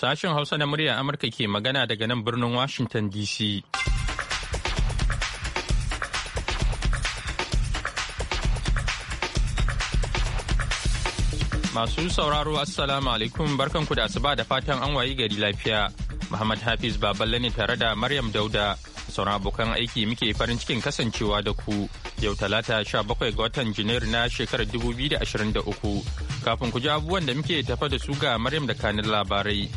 Sashen Hausa na muryar Amurka ke magana daga nan birnin Washington DC. Masu sauraro Assalamu alaikum barkanku da asuba da fatan an wayi gari lafiya. Muhammad Hafiz Baballe ne tare da Maryam Dauda. Sauran abokan aiki muke farin cikin kasancewa da ku yau talata 17 ga watan Janairu na shekarar 2023. Kafin ku ji abubuwan da muke tafa da su ga Maryam da kanin labarai.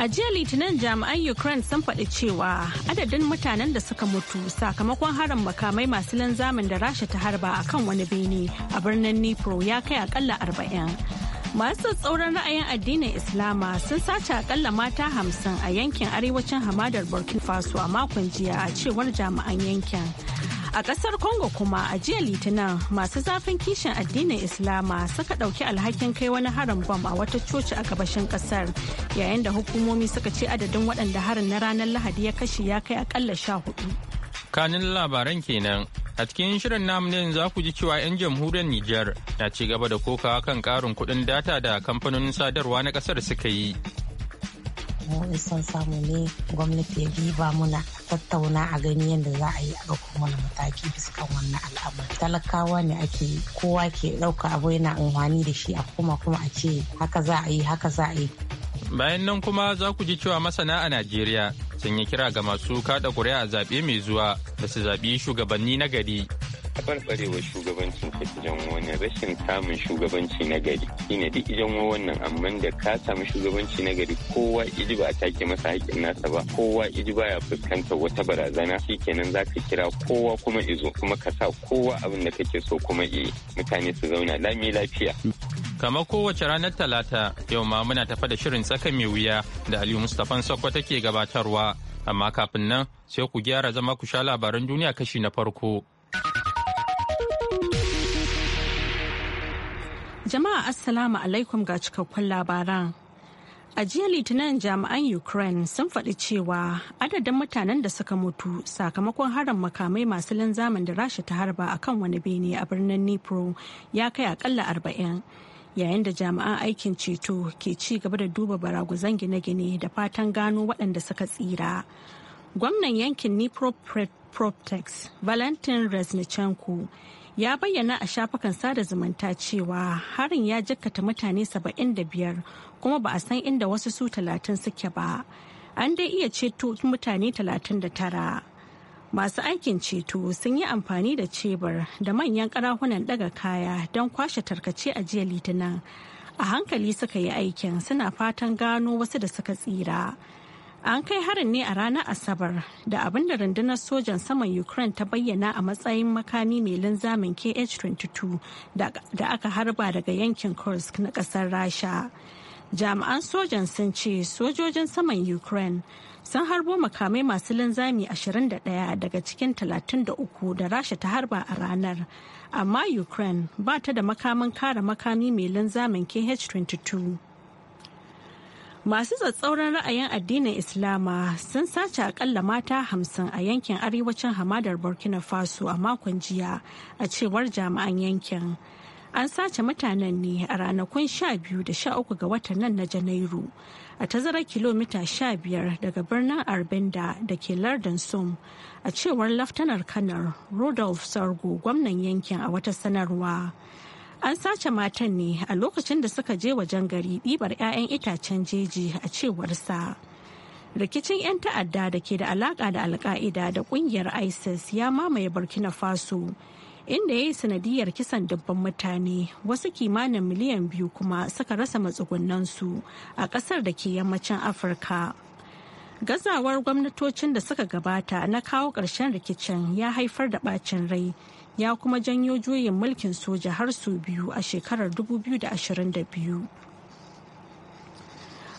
A jiya Litinin jami'an Ukraine sun faɗi cewa adadin mutanen da suka mutu sakamakon harin makamai masu linzamin da Rasha ta harba a kan wani bene a birnin Nipro ya kai akalla arba'in. Masu tsauran ra'ayin addinin Islama sun sace akalla mata hamsin a yankin arewacin hamadar Burkina Faso a makon jiya a cewar jami'an yankin. A ƙasar Congo kuma a jiya Litinin masu zafin kishin addinin Islama suka ɗauki alhakin kai wani harin bom a wata coci a gabashin ƙasar yayin da hukumomi suka ce adadin waɗanda harin na ranar Lahadi ya kashe ya kai akalla sha hudu. Kanin labaran kenan a cikin shirin namu ne za ku ji cewa 'yan jamhuriyar Nijar na ci gaba da kokawa kan karin kuɗin data da kamfanonin sadarwa na ƙasar suka yi mu in son samu ne gwamnati ya riba muna tattauna a gani yadda za a yi a ɗaukar mana mataki bisa wannan al'amari talakawa ne ake kowa ke ɗauka abu yana amfani da shi a kuma kuma a ce haka za a yi haka za a yi bayan nan kuma za ku ji cewa masana a najeriya sun yi kira ga masu kada ƙuri'a zaɓe mai zuwa da su zaɓi shugabanni na gari taɓarɓarewar shugabancin ta ki wani rashin samun shugabanci na gari shine duk janwo wannan amma da ka samu shugabanci na gari kowa iji ba a take masa haƙƙin nasa ba kowa iji ya fuskanta wata barazana shikenan za ka kira kowa kuma izo kuma ka sa kowa abin da kake so kuma yi mutane su zauna lami lafiya. kamar kowace ranar talata yau ma muna tafa da shirin tsaka mai wuya da aliyu mustapha sokwa take gabatarwa amma kafin nan sai ku gyara zama ku sha labaran duniya kashi na farko. Jama'a Assalamu alaikum ga cikakkun labaran. A jiya Litinin jami'an Ukraine sun faɗi cewa adadin mutanen da suka mutu sakamakon harin makamai masu linzamin da rasha ta harba a kan wani bene a birnin Nipro ya kai akalla arba'in. Yayin da jami'an aikin ceto ke ci gaba da duba baraguzan gine-gine da fatan gano waɗanda suka tsira. Gwamnan yankin Nipro Proptex Valentin resnichenko ya bayyana a shafukan sada zumunta cewa harin ya jikkata mutane 75 kuma ba a san inda wasu su 30 suke ba. An dai iya ceto mutane 39. Masu aikin ceto sun yi amfani da cebur da manyan karahunan daga kaya don kwashe tarkace a jiya litinin. A hankali suka yi aikin suna fatan gano wasu da suka tsira. An kai harin ne a ranar Asabar da abin da rundunar sojan saman Ukraine ta bayyana a matsayin makami mai linzamin KH-22 da aka harba daga yankin Kursk na kasar Rasha. Jami'an sojan sun ce sojojin saman Ukraine sun harbo makamai masu linzami 21 daga cikin 33 da Rasha ta harba a ranar. Amma Ukraine ba ta da makamin kare makami mai linzamin KH-22. Masu tsatsauran ra'ayin addinin Islama sun sace akalla mata hamsin a yankin arewacin hamadar Burkina Faso a makon jiya a cewar jami'an yankin. An sace mutanen ne a ranakun 12 da 13 ga watan nan na Janairu a tazarar kilomita 15 daga birnin Arbinda da ke lardin Sum a cewar Laftanar Kanar Rudolf Sargo gwamnan yankin a wata sanarwa. An sace matan ne a lokacin da suka je wajen gari ɗibar 'ya'yan itacen jeji a cewarsa. Rikicin 'yan ta'adda da ke da alaƙa da alka'ida da ƙungiyar ISIS ya mamaye Burkina Faso, inda ya yi sanadiyar kisan dubban mutane wasu kimanin miliyan biyu kuma suka rasa matsugunansu a ƙasar da ke yammacin Afirka. Gazawar gwamnatocin da suka gabata na kawo ƙarshen rikicin ya haifar da ɓacin rai. ya kuma janyo juyin mulkin soja har sau biyu a shekarar 2022.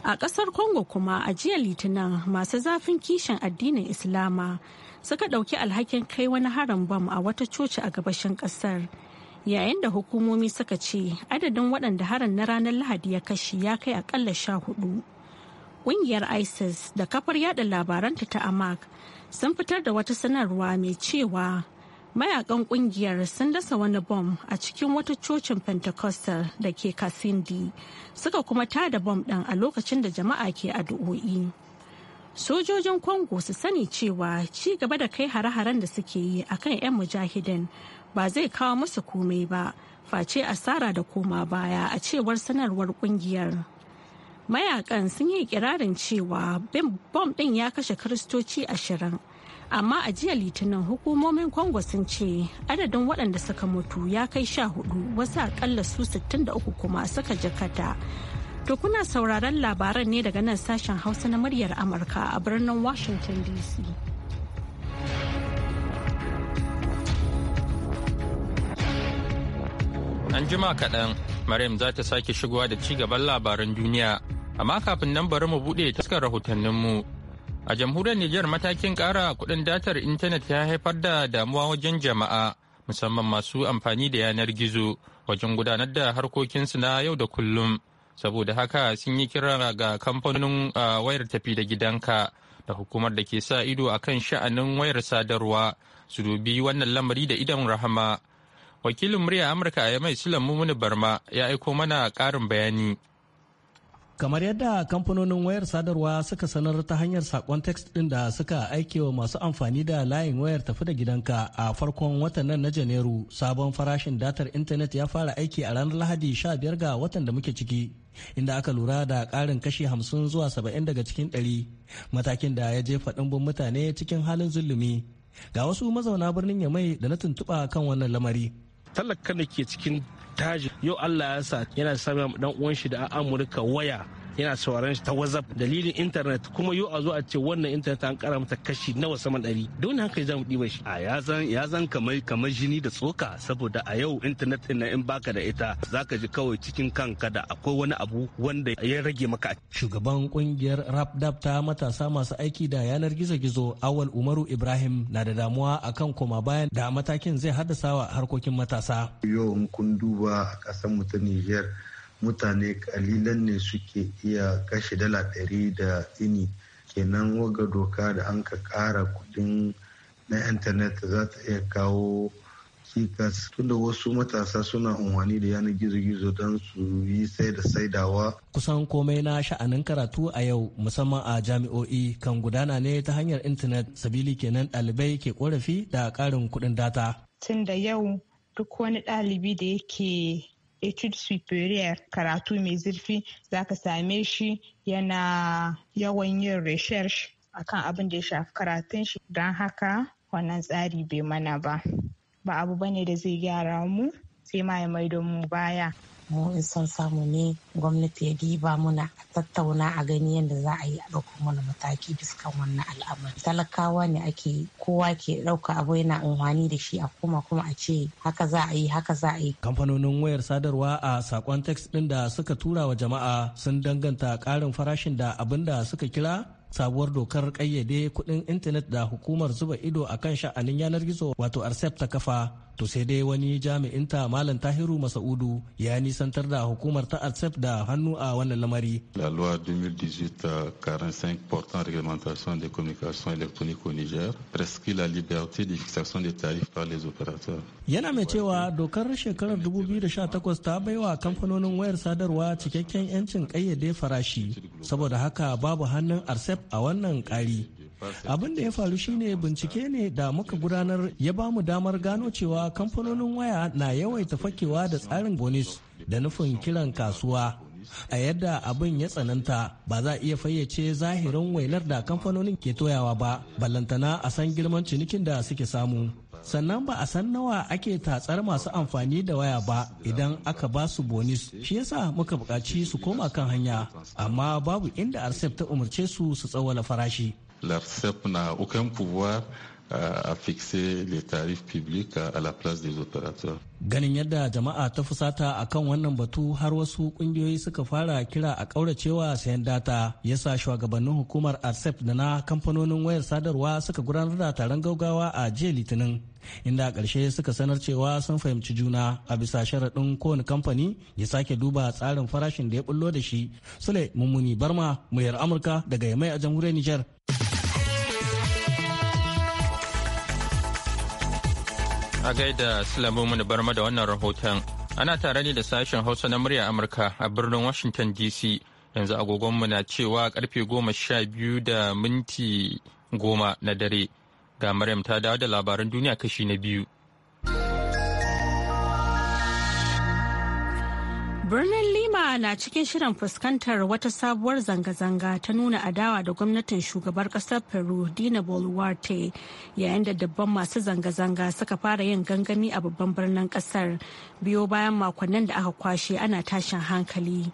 A ƙasar Congo kuma a jiya Litinin masu zafin kishin addinin Islama suka ɗauki alhakin kai wani harin bam a wata coci a gabashin ƙasar. Yayin da hukumomi suka ce adadin waɗanda harin na ranar Lahadi ya kashi ya kai akalla sha hudu. Ƙungiyar ISIS da kafar yada labaranta ta Amak sun fitar da wata sanarwa mai cewa mayakan kungiyar sun dasa wani bom a cikin wata cocin pentecostal da ke kasindi suka kuma tada bom ɗin a lokacin da jama'a ke addu'o'i sojojin congo su sani cewa ci gaba da kai hare-haren da suke yi akan 'yan mujahidin ba zai kawo musu komai ba face asara da koma baya a cewar sanarwar kungiyar mayakan sun yi kirarin cewa bom ɗin ya kashe kristoci ashirin amma a jiya litinin hukumomin congo sun ce adadin waɗanda suka mutu ya kai sha hudu wasu akalla su 63 kuma suka jakata to kuna sauraron labaran ne daga nan sashen hausa na muryar amurka a birnin washington dc an jima kaɗan maryam za ta sake shigowa da ci gaban labaran duniya amma kafin nan bari mu buɗe taskar rahotanninmu A jamhuriyar Nijar matakin ƙara kuɗin datar intanet ya haifar da damuwa wajen jama'a musamman masu amfani da yanar gizo wajen gudanar da harkokinsu na yau da kullum. Saboda haka sun yi kira ga kamfanin wayar tafi da gidanka da hukumar da ke sa ido a kan sha'anin wayar sadarwa su dubi wannan lamari da idan rahama. Wakilin murya Amurka a Yamai Sulan Mumuni Barma ya aiko mana ƙarin bayani. Kamar yadda kamfanonin wayar sadarwa suka sanar ta hanyar sakon text ɗin da suka aike wa masu amfani da layin wayar tafi da gidanka a farkon watan nan na Janairu, sabon farashin datar intanet ya fara aiki a ranar Lahadi 15 ga watan da muke ciki. inda aka lura da karin kashi hamsin zuwa saba'in daga cikin ɗari matakin da ya jefa dimbin mutane cikin halin zulumi ga wasu mazauna birnin yamai da na tuntuɓa kan wannan lamari tallaka da ke cikin taji yau Allah ya sa yana sami dan uwan shi da Amurka waya yana sauraron shi ta whatsapp dalilin internet kuma yau a zo a ce wannan internet an kara mata kashi nawa sama ɗari don haka za mu ɗiba shi a ya zan ya zan kamar kamar jini da tsoka saboda a yau internet ɗin in baka da ita zaka ji kawai cikin kanka da akwai wani abu wanda ya rage maka shugaban kungiyar rapdap ta matasa masu aiki da yanar gizo-gizo awal umaru ibrahim na da damuwa akan koma bayan da matakin zai haddasa wa harkokin matasa yau kun duba a ƙasar mu ta niger mutane kalilan ne suke iya kashe dala ɗari da ini kenan waga doka da an ka ƙara kudin na intanet za ta iya kawo cikas tunda wasu matasa suna unwani da yanar gizo-gizo don su yi sai da saidawa. Kusan komai na sha'anin karatu a yau musamman a jami'o'i kan gudana ne ta hanyar intanet sabili kenan ɗalibai ke korafi da ƙarin kuɗin data. Tun da yau duk wani ɗalibi da yake etude superior karatu mai zurfi za ka same shi yana yawan yin research akan abin da ya shafi karatun shi don haka wannan tsari bai mana ba ba abu bane da zai gyara mu sai ma ya maido mu baya mu in son samu ne gwamnati ya diba muna tattauna a gani yadda za a yi a ɗauko mana mataki biskan wannan al'amari talakawa ne ake kowa ke ɗauka abu yana amfani da shi a kuma kuma a ce haka za a yi haka za a yi kamfanonin wayar sadarwa a sakon text ɗin da suka tura wa jama'a sun danganta ƙarin farashin da abin da suka kira sabuwar dokar kayyade kuɗin intanet da hukumar zuba ido a kan sha'anin yanar gizo wato arcep ta kafa to sai dai wani jami'in ta malam tahiru masaudu ya nisantar da hukumar ta arcep da hannu a wannan lamari la loi 2018-45 euh, portant réglementation des communications électroniques au niger prescrit la liberté de fixation des tarifs par les opérateurs yana mai cewa dokar shekarar 2018 ta baiwa kamfanonin wayar sadarwa cikakken yancin kayyade farashi saboda haka babu hannun arcep a wannan kari abin da ya faru shine bincike ne da muka gudanar ya ba mu damar gano cewa kamfanonin waya na yawaita fakewa da tsarin bonus da nufin kiran kasuwa a yadda abin ya tsananta ba za a iya fayyace zahirin wailar da kamfanonin ke toyawa ba ballantana a san girman cinikin da suke samu sannan ba a san nawa ake tatsar masu amfani da waya ba idan aka ba su bonus shi yasa muka buƙaci su koma kan hanya amma babu inda arsef ta umarce su su tsawala farashi l'ARCEP n'a aucun pouvoir a fixer les tarifs publics à la place des opérateurs. Ganin yadda jama'a ta fusata a kan wannan batu har wasu kungiyoyi suka fara kira a kauracewa sayan data ya sa shugabannin hukumar ARCEP da na kamfanonin wayar sadarwa suka gudanar da taron gaugawa a jiya litinin inda a ƙarshe suka sanar cewa sun fahimci juna a bisa sharaɗin kowane kamfani ya sake duba tsarin farashin da ya bullo da shi. Sule Mummuni Barma, muryar Amurka daga Yamai a jamhuriyar Nijar. A gaida Sulamu mun barma da wannan rahoton. Ana tare ne da sashen Hausa na murya Amurka a birnin Washington DC. Yanzu agogonmu na cewa karfe goma sha biyu da minti goma na dare. Ga Maryam ta dawo da labaran duniya kashi na biyu. Birnin Lima na cikin shirin fuskantar wata sabuwar zanga-zanga ta nuna adawa da gwamnatin shugabar kasar Peru Dina Boluarte yayin da dabban masu zanga-zanga suka fara yin gangami a babban birnin kasar biyo bayan makonnin da aka kwashe ana tashin hankali.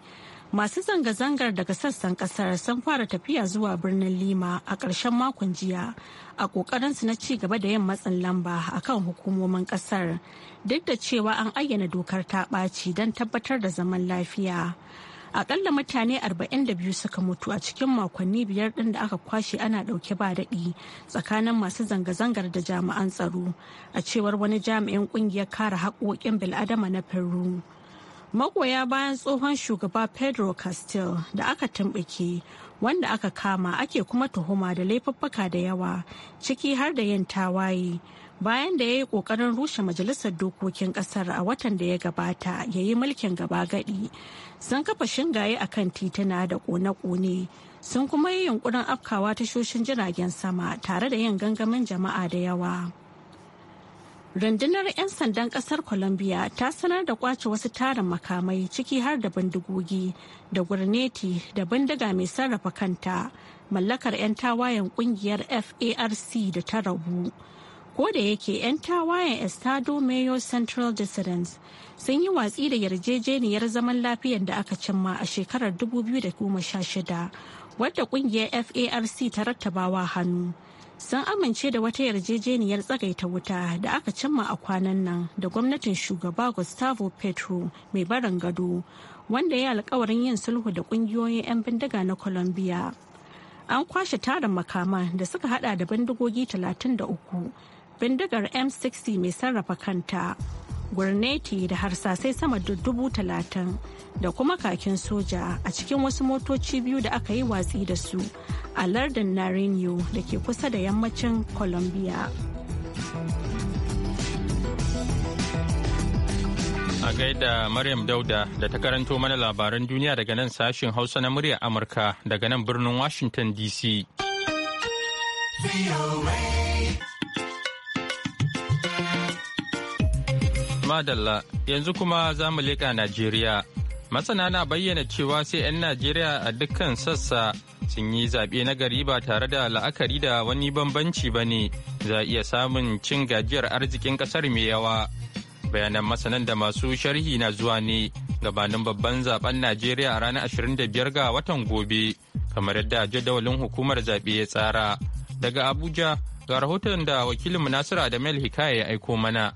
masu zanga-zangar daga sassan kasar sun fara tafiya zuwa birnin lima a ƙarshen makon jiya a ƙoƙarinsu na ci gaba da yin matsin lamba a kan hukumomin ƙasar duk da cewa an ayyana dokar ta ɓaci don tabbatar da zaman lafiya akalla mutane 42 suka mutu a cikin makonni biyar ɗin da aka kwashe ana ɗauke ba daɗi tsakanin masu zanga-zangar da jami'an tsaro a cewar wani jami'in ƙungiyar kare haƙoƙin bil'adama na peru magoya bayan tsohon shugaba pedro castillo da aka tambake wanda aka kama ake kuma tuhuma da laifuffuka da yawa ciki har da yin tawaye bayan da ya yi kokarin rushe majalisar dokokin kasar a watan da ya gabata ya yi mulkin gaba gadi sun kafa shingaye a kan tituna da kone-kone sun kuma yi yunkurin afkawa tashoshin jiragen sama tare da yin gangamin jama'a da yawa. rundunar 'yan sandan kasar colombia ta sanar da kwace wasu tarin makamai ciki har da bindigogi da gurneti da bindiga mai sarrafa kanta mallakar 'yan tawayen kungiyar farc da ta rabu da yake 'yan tawayen estado mayo central dissidents sun yi watsi da yarjejeniyar zaman lafiyar da aka cimma a shekarar 2016 wadda kungiyar farc ta rattabawa hannu sun amince da wata yarjejeniyar tsagaita wuta da aka cimma a kwanan nan da gwamnatin shugaba gustavo petro mai barin gado wanda ya alkawarin yin sulhu da kungiyoyin 'yan bindiga na colombia an kwashe tarin makaman da suka hada da bindigogi 33 bindigar m60 mai sarrafa kanta gurneti da harsasai sama da dubu talatin da kuma kakin soja a cikin wasu motoci biyu da aka yi watsi da su a lardin narinio da ke kusa da yammacin colombia a gaida maryam dauda da ta karanto mana labaran duniya daga nan sashen hausa na muryar amurka daga nan birnin washington dc Madalla yanzu kuma za mu leƙa Najeriya. Masana na bayyana cewa sai 'yan Najeriya a dukkan sassa sun yi zaɓe na gari ba tare da la'akari da wani bambanci ba ne za iya samun cin gajiyar arzikin ƙasar mai yawa. Bayanan masanan da masu sharhi na zuwa ne gabanin babban zaben Najeriya a ranar 25 ga watan gobe kamar yadda jadawalin hukumar zaɓe ya tsara. Daga Abuja ga rahoton da wakilin Nasiru Adamu Hikaya ya aiko mana.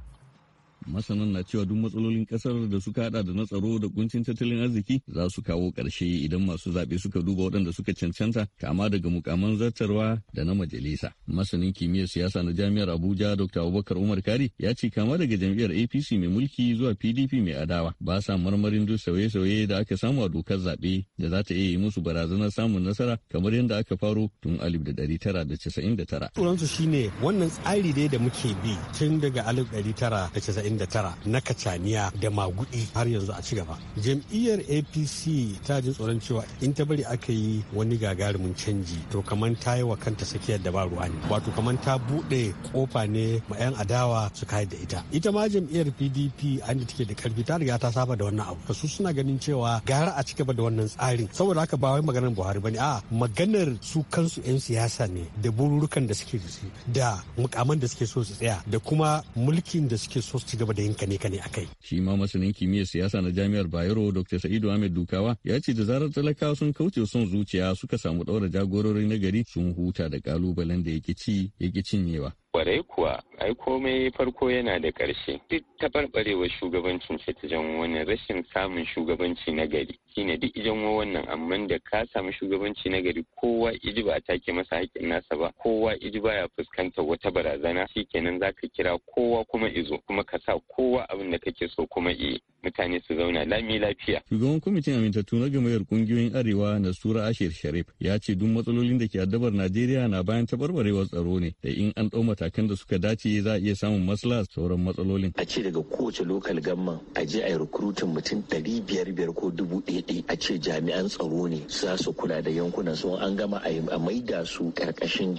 masanan na cewa duk matsalolin kasar da suka hada da na tsaro da kuncin tattalin arziki za su kawo ƙarshe idan masu zaɓe suka duba waɗanda suka cancanta kama daga mukaman zartarwa da na majalisa masanin kimiyyar siyasa na jami'ar abuja dr abubakar umar kari ya ce kama daga jam'iyyar apc mai mulki zuwa pdp mai adawa ba sa marmarin duk sauye-sauye da aka samu a dokar zaɓe da za ta iya yi musu barazanar samun nasara kamar yadda aka faro tun alif da da da tara casa'in tara. Tsoronsu shine wannan tsari dai da muke bi tun daga alif tara da casa'in tara na kacaniya da magudi har yanzu a ci gaba jam'iyyar apc ta ji tsoron cewa in ta bari aka yi wani gagarumin canji to kamar ta yi wa kanta sakiyar da ba ruwa ne wato kamar ta buɗe kofa ne ma 'yan adawa su kayar da ita ita ma jam'iyyar pdp an da take da karfi ta riga ta saba da wannan abu su suna ganin cewa gara a ci gaba da wannan tsarin saboda haka ba wai maganar buhari bane a maganar su kansu 'yan siyasa ne da bururukan da suke da da mukaman da suke so su tsaya da kuma mulkin da suke so su gaba da yin kane kane a kai. Shi ma masanin kimiyyar siyasa na jami'ar Bayero Dr. Sa'idu Ahmed Dukawa ya ce da zarar talakawa sun kauce son zuciya suka samu ɗaura jagorori nagari gari sun huta da kalubalen da yake ci yake cinyewa. Kwarai kuwa, ai komai farko yana da ƙarshe. Duk taɓarɓarewar shugabancin ce ta janwo wannan rashin samun shugabanci na gari. Shine duk janwo wannan amma da ka samu shugabanci na gari kowa iji ba a take masa haƙƙin nasa ba, kowa iji ya fuskantar wata barazana shikenan zaka kira kowa kuma izo kuma ka sa kowa abin da kake so kuma iya. mutane su zauna lami lafiya. Shugaban kwamitin amintattu na gamayyar kungiyoyin Arewa na Sura Ashir Sharif ya ce duk matsalolin da ke addabar Najeriya na bayan tabarbarewar tsaro ne da in an ɗau matakan da suka dace za a iya samun maslaha sauran matsalolin. A ce daga kowace lokal gamman a je a yi rukrutin mutum ɗari biyar biyar ko dubu ɗaya a ce jami'an tsaro ne za su kula da yankunan su an gama a maida su ƙarƙashin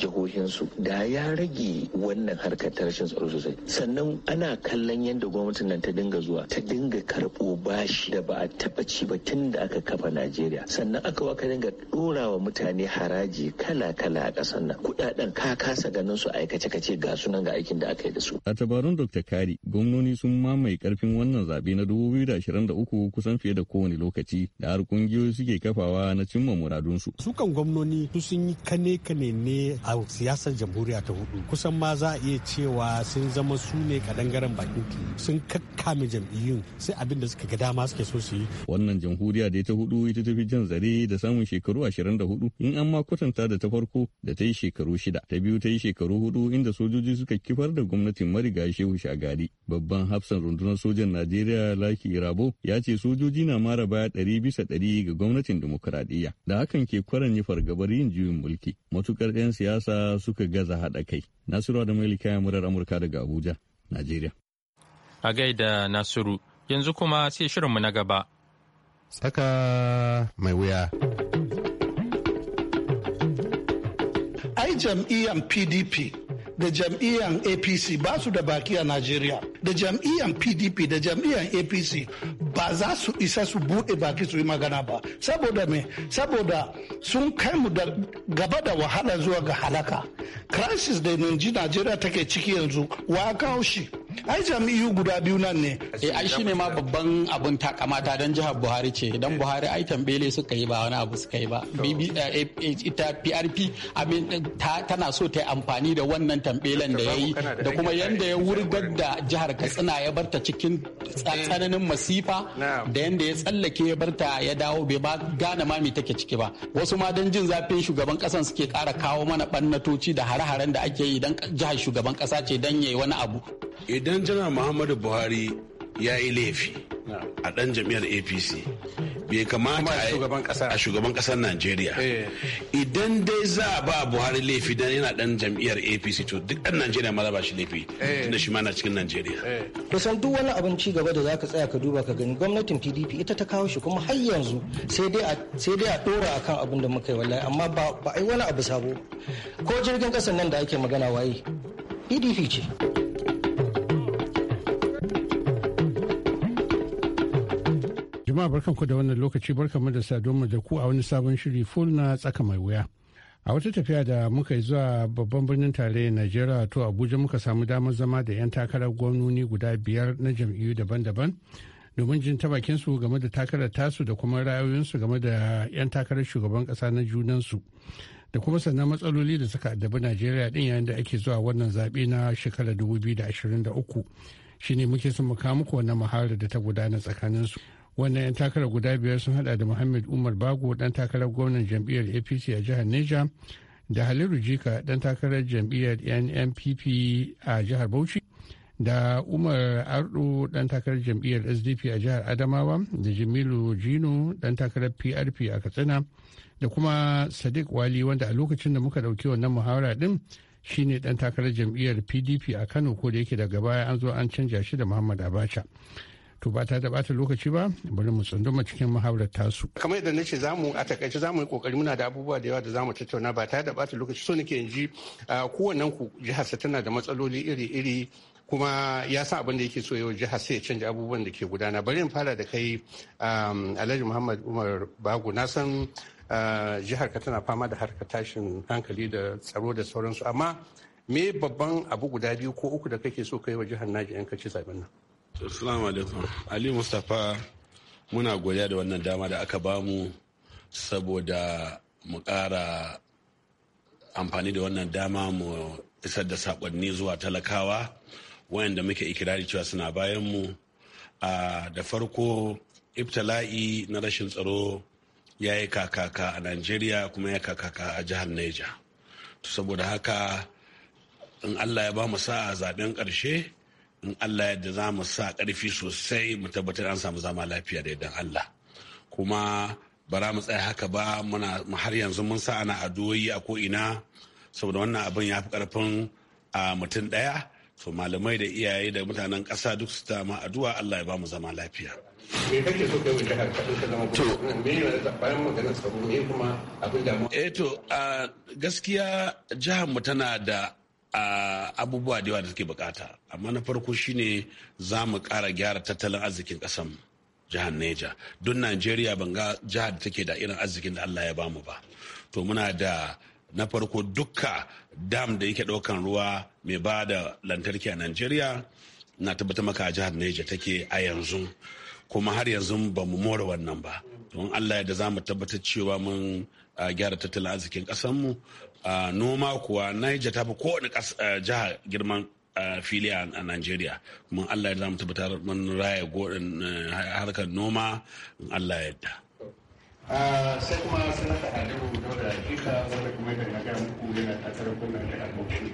su da ya rage wannan harkar tarashin tsaro sosai sannan ana kallon yadda gwamnatin nan ta dinga zuwa ta dinga karɓo bashi da ba a taɓa ci ba tun da aka kafa Najeriya sannan aka waka dinga ɗora wa mutane haraji kala-kala a ƙasar nan kuɗaɗen ka kasa ganin su aikace kace ga sunan ga aikin da aka yi da su. A tabarun Dr. Kari gwamnoni sun mamaye karfin wannan zaɓe na 2023 kusan fiye da kowane lokaci da har kungiyoyi suke kafawa na cimma muradunsu. Sukan gwamnoni su sun yi kane-kane ne a siyasar jamhuriya ta hudu kusan ma za a iya cewa sun zama su ne kadangaren bakin sun kakkame jam'iyyun sai abin da suka ga dama suke so su yi. Wannan jamhuriya da ta hudu ita ta fi jan zare da samun shekaru ashirin da hudu in an ma kwatanta da ta farko da ta yi shekaru shida. Ta biyu ta yi shekaru hudu inda sojoji suka kifar da gwamnatin mariga Shehu Shagari. Babban hafsan rundunar sojan Najeriya Laki Rabo ya ce sojoji na mara baya ɗari bisa ɗari ga gwamnatin dimokuraɗiyya da hakan ke yi fargabar yin juyin mulki. Matukar 'yan siyasa suka gaza haɗa kai. Nasiru da Mailika murar Amurka daga Abuja, Najeriya. A gaida Nasiru, yanzu kuma sai shirinmu na gaba. Saka mai wuya. Ai jam'iyyar PDP da jam'iyyar APC ba su da baki a Najeriya. Da jam'iyyar PDP da jam'iyyar APC ba za su isa su buɗe baki su yi magana ba. Saboda me? Saboda sun kai mu da gaba da wahala zuwa ga halaka. Crisis da Najeriya take ciki yanzu wa kawo shi. ai jami'u guda biyu nan ne eh ai shine ma babban abun takamata don jihar Buhari ce dan Buhari ai tambele suka yi ba wani abu suka yi ba eh, eh, eh, ita PRP tana so ta yi amfani da wannan tambelen da yayi da kuma yanda ya wurgar da jihar Katsina ya barta cikin tsananin masifa da yanda ya tsallake ya barta ya dawo bai ba gane ma me take ciki ba wasu ma don jin zafin shugaban kasan suke kara kawo mana bannatoci da hare-haren da ake yi don jihar shugaban kasa ce don yayi wani abu idan jana muhammadu buhari ya yi laifi a dan jam'iyyar apc bai kamata a shugaban kasar najeriya eh. idan dai za a ba buhari laifi dan yana dan jam'iyyar apc to duk ɗan najeriya ma za ba shi laifi eh. tunda shi ma na cikin najeriya eh. kusan duk wani abin ci gaba da za ka tsaya ka duba ka gani gwamnatin pdp ita ta kawo shi kuma har yanzu sai dai a ɗora akan abin da muka yi wallahi amma ba a yi wani abu sabo ko jirgin kasar nan da ake magana waye pdp ce Jama'a barkanku da wannan lokaci barkanmu da saduwa da ku a wani sabon shiri full na tsaka mai wuya. A wata tafiya da muka yi zuwa babban birnin tarayyar Najeriya to Abuja muka samu damar zama da 'yan takarar gwamnoni guda biyar na jam'iyyu daban-daban domin jin ta su game da takarar tasu da kuma ra'ayoyinsu game da 'yan takarar shugaban kasa na junansu da kuma sannan matsaloli da suka addabi Najeriya din yayin da ake zuwa wannan zaɓe na shekarar 2023 shine muke son mu kawo muku wannan muhawarar da ta gudana tsakaninsu. wannan 'yan takarar guda biyar sun hada da muhammad umar bago dan takarar gwamnan jam'iyyar apc a jihar neja da haliru jika dan takarar jam'iyyar nnpp a jihar bauchi da umar ardo dan takarar jam'iyyar sdp a jihar adamawa da jamilu jino dan takarar prp a katsina da kuma sadiq wali wanda a lokacin da muka dauki wannan muhawara din shine dan takarar jam'iyyar pdp a kano ko da yake daga baya an zo an canja shi da muhammad abacha to ba ta da bata lokaci ba bari mu tsunduma cikin muhawarar tasu kamar yadda nace zamu a takaice zamu yi kokari muna da abubuwa da yawa da zamu tattauna ba ta da bata lokaci so nake ji kowannen ku jihar sa tana da matsaloli iri-iri kuma ya sa abin da yake so yau jihar sai ya canja abubuwan da ke gudana bari in fara da kai alhaji muhammad umar bago na san jihar ka tana fama da harkar tashin hankali da tsaro da sauransu amma me babban abu guda biyu ko uku da kake so kai wa jihar naji yan ci zaben nan Assalamu alaikum. Ali Mustapha muna godiya da wannan dama da aka bamu saboda mu ƙara amfani da wannan dama mu isar da saƙonni zuwa talakawa wayanda muke ikirari cewa suna bayan mu da farko Iftala'i na rashin tsaro ya yi kakaka a Najeriya kuma ya kakaka a jihar Niger Saboda haka in Allah ya ba mu sa'a zaben ƙarshe in Allah yadda za mu sa karfi sosai mu tabbatar an samu zama lafiya da yadda Allah kuma bara mu tsaya haka ba muna har yanzu mun sa ana addu'o'i a ko ina saboda wannan abin ya fi ƙarfin a mutum daya to malamai da iyaye da mutanen ƙasa duk su ta ma addu'a Allah ya ba mu zama lafiya. Eh to gaskiya jihar mu tana da abubuwa da yawa da suke bukata amma na farko shine za mu ƙara gyara tattalin arzikin kasan jihar neja don najeriya ban ga jihar da take da irin arzikin da allah ya bamu ba to muna da na farko dukka dam da yake ɗaukan ruwa mai ba da lantarki a najeriya na tabbatar maka jihar neja take a yanzu kuma har yanzu ba mu more wannan ba don allah da za mu tabbatar cewa mun ah, gyara tattalin arzikin ƙasarmu ah, noma kuwa naija ta fi kowane ah, jiha girman fili a Najeriya kuma Allah ya za mu tabbatar mun raya godin harkar noma Allah ya yarda. sai kuma sanata Adamu Dauda Kika wanda kuma yadda na gaya muku yana takarar gwamnati da abokin.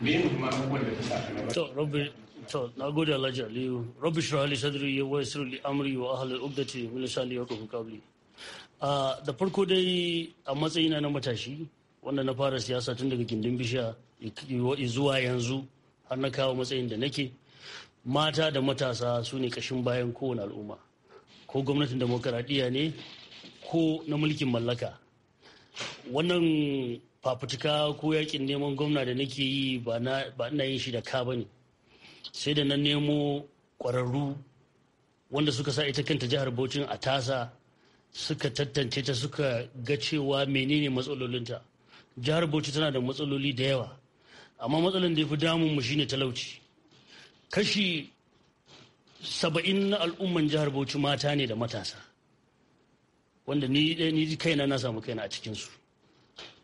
Me muhimman abubuwan da ta sa gaba? To, na gode Alhaji Aliyu. Rabbi Shirali Sadri ya li wa ugdati min lisani da farko dai a matsayina na matashi wanda na fara siyasa tun daga gindin bishiya zuwa yanzu har na kawo matsayin da nake mata da matasa su ne kashin bayan kowane al'umma ko gwamnatin demokaradiyya ne ko na mulkin mallaka wannan fafutuka ko yakin neman gwamna da nake yi ba ina yin shi da ka bane sai da na nemo ƙwararru wanda suka sa ita kanta jihar bocin a tasa suka tantance ta suka ga cewa menene matsalolinta jihar bocin tana da matsaloli da yawa amma matsalolin da ya fi damun mu shine talauci kashi saba'in na al'umman jihar Bauchi mata ne da matasa wanda ni ni kaina na samu kaina a cikinsu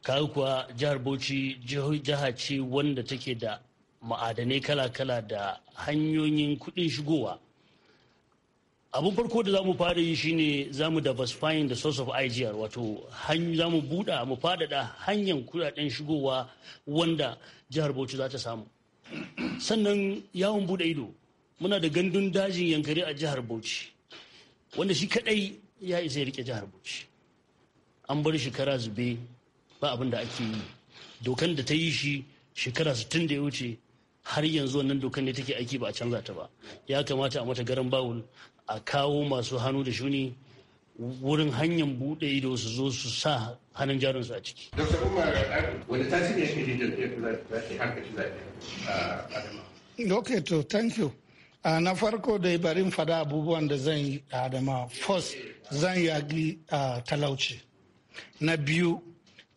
kawai kuwa jihar Bauchi jiha ce wanda take da ma'adanai kala-kala da hanyoyin kuɗin shigowa abin farko da za mu fara yi shine za mu diversifying the source of igr wato za mu buɗa mu faɗaɗa hanyar kuɗaɗen shigowa wanda jihar bauchi za ta samu sannan yawon buɗe ido muna da gandun dajin yankari a jihar bauchi wanda shi kaɗai ya isa ya rike jihar bauchi an bar shekara zube ba abin da ake yi dokan da ta yi shi shekara 60 da ya wuce har yanzu wannan dokar ne take aiki ba a canza ta ba ya kamata a mata garin bawul a kawo masu hannu da shuni wurin hanyar buɗe ido su zo su sa hannun jarinsu a ciki. Umar, da Okay, to, thank you. Uh, na farko da barin fada abubuwan da zan yi a adama first zan yagi uh, talauci na biyu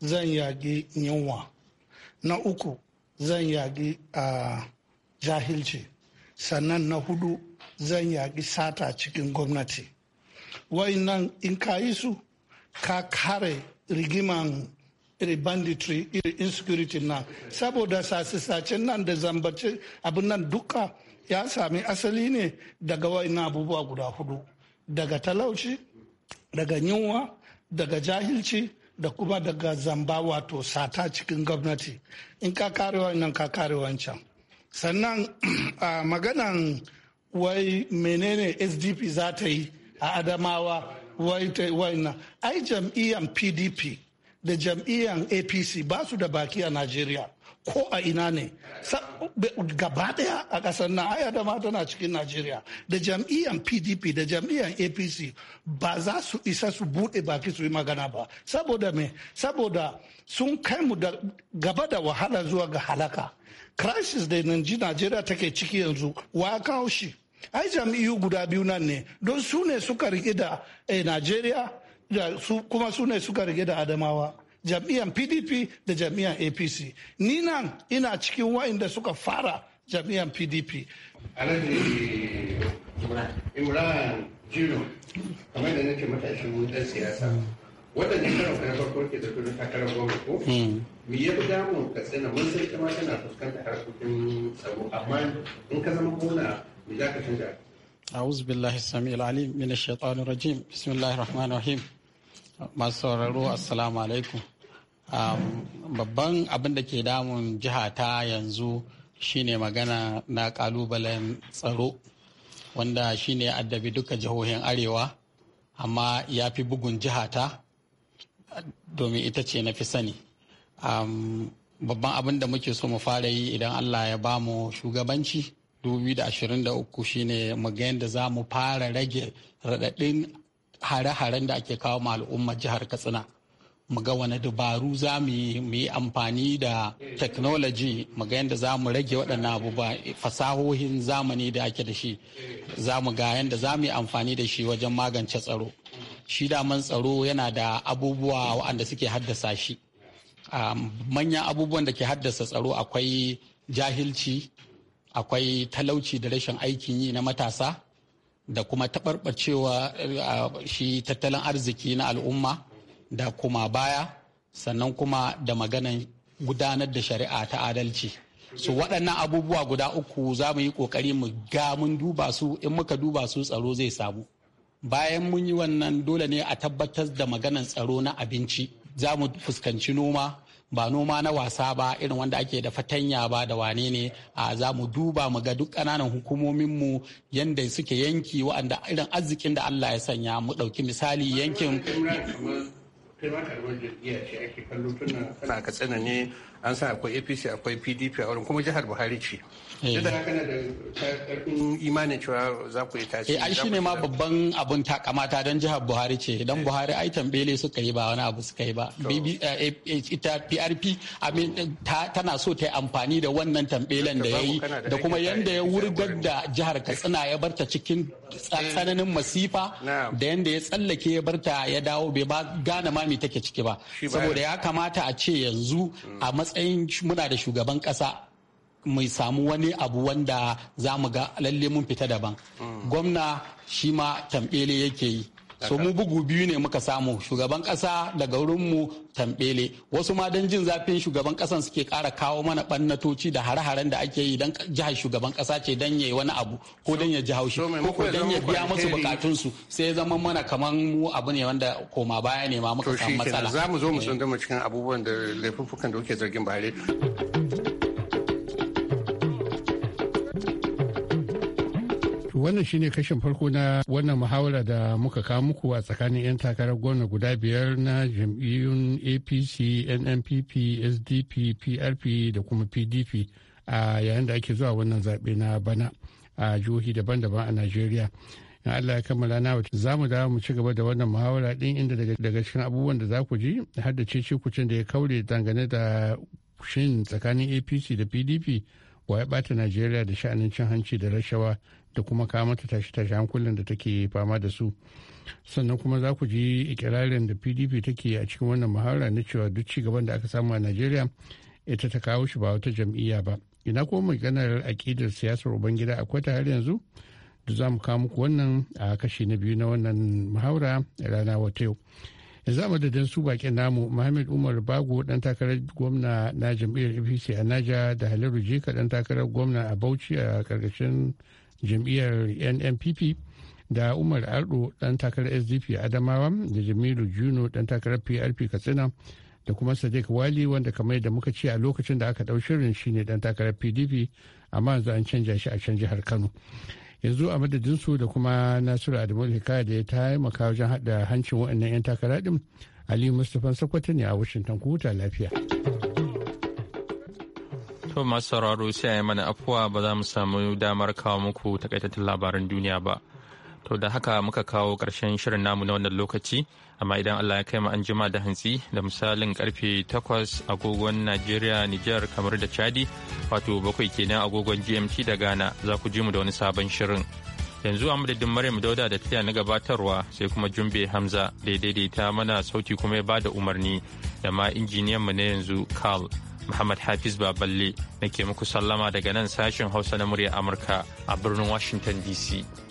zan yagi yunwa na uku zan yaƙi a jahilci sannan na hudu zan yaƙi sata cikin gwamnati nan in ka yi su ka kare rigiman irin banditry irin insecurity nan saboda sace nan da zambace abin nan duka ya sami asali ne daga waina abubuwa guda hudu daga talauci daga yunwa daga jahilci da kuma daga zamba wato sata cikin gwamnati in ka kare wannan ka kare wancan sannan a maganan wai menene sdp za ta yi a adamawa wai ta na ai jam'iyyar pdp da jam'iyyar apc ba su da baki a najeriya ko a ina ne gaba daya a kasar nan aya da tana cikin najeriya da jam'iyyar pdp da jam'iyyar apc ba za su isa su bude baki su yi magana ba saboda me saboda sun kai mu da gaba da wahala zuwa ga halaka crisis da yanzu najeriya take ciki yanzu wa kawo shi ai jam'iyyu guda biyu nan ne don su ne suka rike da eh, najeriya kuma su ne suka rike da adamawa jam'iyyar pdp da jam'iyyar apc ni nan ina cikin wa'inda suka fara jam'iyyar pdp alhaji imran jiro kamar da nake matashin dan siyasa waɗanda karan kan farko ke da kudin takarar goma ko hmm. me ya fi damun ka tsina mun sai kama tana fuskantar harkokin tsaro amma in ka zama kona me za ka canja أعوذ بالله السميع العليم من الشيطان الرجيم بسم الله الرحمن الرحيم masu sauraro assalamu alaikum Um, babban abin da ke damun jiha ta yanzu shine magana na kalubalen tsaro wanda shine addabi duka jihohin arewa amma ya fi bugun jiha ta domin ita ce na fi sani um, babban abin da muke so mu fara yi idan allah ya ba mu shugabanci 2023 shine muga da za mu fara rage raɗaɗin hare-haren da ake kawo ma al'ummar jihar katsina mu ga wani dabaru za mu yi amfani da technology mu ga yadda za mu rage waɗannan abubuwa fasahohin zamani da ake da shi za mu ga yadda za mu yi amfani da shi wajen magance tsaro shi daman tsaro yana da abubuwa waɗanda suke haddasa shi manyan abubuwan da ke haddasa tsaro akwai jahilci akwai talauci da rashin aikin yi na matasa da kuma taɓarɓacewa shi tattalin arziki na al'umma da kuma baya sannan kuma da maganan gudanar da shari'a ta adalci su waɗannan abubuwa guda uku za mu yi ƙoƙari mu ga mun duba su in muka duba su tsaro zai samu bayan mun yi wannan dole ne a tabbatar da maganan tsaro na abinci za mu fuskanci noma ba noma na wasa ba irin wanda ake da fatanya ba da wane ne a za mu duba mu ga duk ƙananan mu yadda suke yanki wa'anda irin arzikin da Allah ya sanya mu ɗauki misali yankin kai ma karuwar jam'iyya ce ake kallo tuna kana ka tsina ne an san akwai apc akwai pdp a wurin kuma jihar buhari ce yadda eh. haka na da karfin imanin cewa za ku yi tasiri eh, ai ne ma babban abun takamata don jihar buhari ce don eh. buhari ai tambele suka yi ba wani abu suka yi ba ita prp tana so ta yi amfani da wannan tambelen da ya yi da kuma yanda ya wurgar da jihar katsina ya barta cikin tsananin masifa da yanda ya tsallake ya barta ya dawo bai ba gane ma me take ciki ba saboda ya kamata a ce yanzu a hmm. matsayin muna da shugaban kasa mai samu wani abu wanda za mu ga lalle mun fita daban mm. gwamna shi ma tambele yake yi so mu bugu biyu ne muka samu shugaban kasa daga mu tambele wasu ma don jin zafin shugaban kasan suke kara kawo mana bannatoci da hare-haren da ake yi don jihar shugaban kasa ce don yayi wani abu ko don ya ji haushi ko ko don ya biya musu bukatunsu sai zama mana kamar mu abu ne wanda koma baya ne ma muka samu matsala za mu zo mu eh. tsunduma cikin abubuwan da laifuffukan da kuke zargin Buhari wannan wannan shine kashin farko na wannan muhawara da muka kawo muku a tsakanin 'yan takarar gwamna guda biyar na jam'iyyun APC, NNPP, SDP, PRP da kuma PDP a yayin da ake zuwa wannan zaɓe na bana a jihohi daban-daban a Najeriya. in Allah ya kammala na za mu dawo mu ci gaba da wannan muhawara ɗin inda daga cikin abubuwan da za ku ji har da ce kucin da ya kaure dangane da shin tsakanin APC da PDP wa ya bata Najeriya da sha'anin cin hanci da rashawa da kuma kawo mata tashi tashe hankulan da take fama da su sannan kuma za ku ji ikirarin da pdp take a cikin wannan muhawara na cewa duk ci gaban da aka samu a najeriya ita ta kawo shi ba wata jam'iyya ba ina kuma maganar aƙidar siyasar ubangida akwai ta har yanzu da za mu kawo muku wannan a kashi na biyu na wannan muhawara rana wata yau yanzu a madadin su bakin namu muhammad umar bago dan takarar gwamna na jam'iyyar apc a naja da haliru jika dan takarar gwamna a bauchi a karkashin jam'iyyar nnpp da umar ardo dan takarar sdp adamawa da jamilu juno dan takarar prp katsina da kuma sadiq wali wanda kamar da muka ce a lokacin da aka dau shirin shine dan takarar pdp amma yanzu an canja shi a can jihar kano yanzu a madadinsu da kuma nasiru adamu hikaya da ya taimaka wajen hada hancin waɗannan 'yan takara ɗin ali mustapha sakwata ne a washington kuta lafiya To masu sauraro sai a mana afuwa ba za mu samu damar kawo muku takaitattun labaran duniya ba. To da haka muka kawo karshen shirin namu na wannan lokaci, amma idan Allah ya kai mu an jima da hantsi da misalin karfe 8 agogon Najeriya, niger kamar da Chadi, wato bakwai kenan agogon GMT da Ghana za ku ji mu da wani sabon shirin. Yanzu a madadin Maryam Dauda da ta na gabatarwa sai kuma Jumbe Hamza da daidaita mana sauti kuma ya bada umarni da ma injiniyan mu na yanzu Carl. Muhammad Hafiz Baballe nake muku sallama daga nan sashen Hausa na murya Amurka a birnin Washington DC.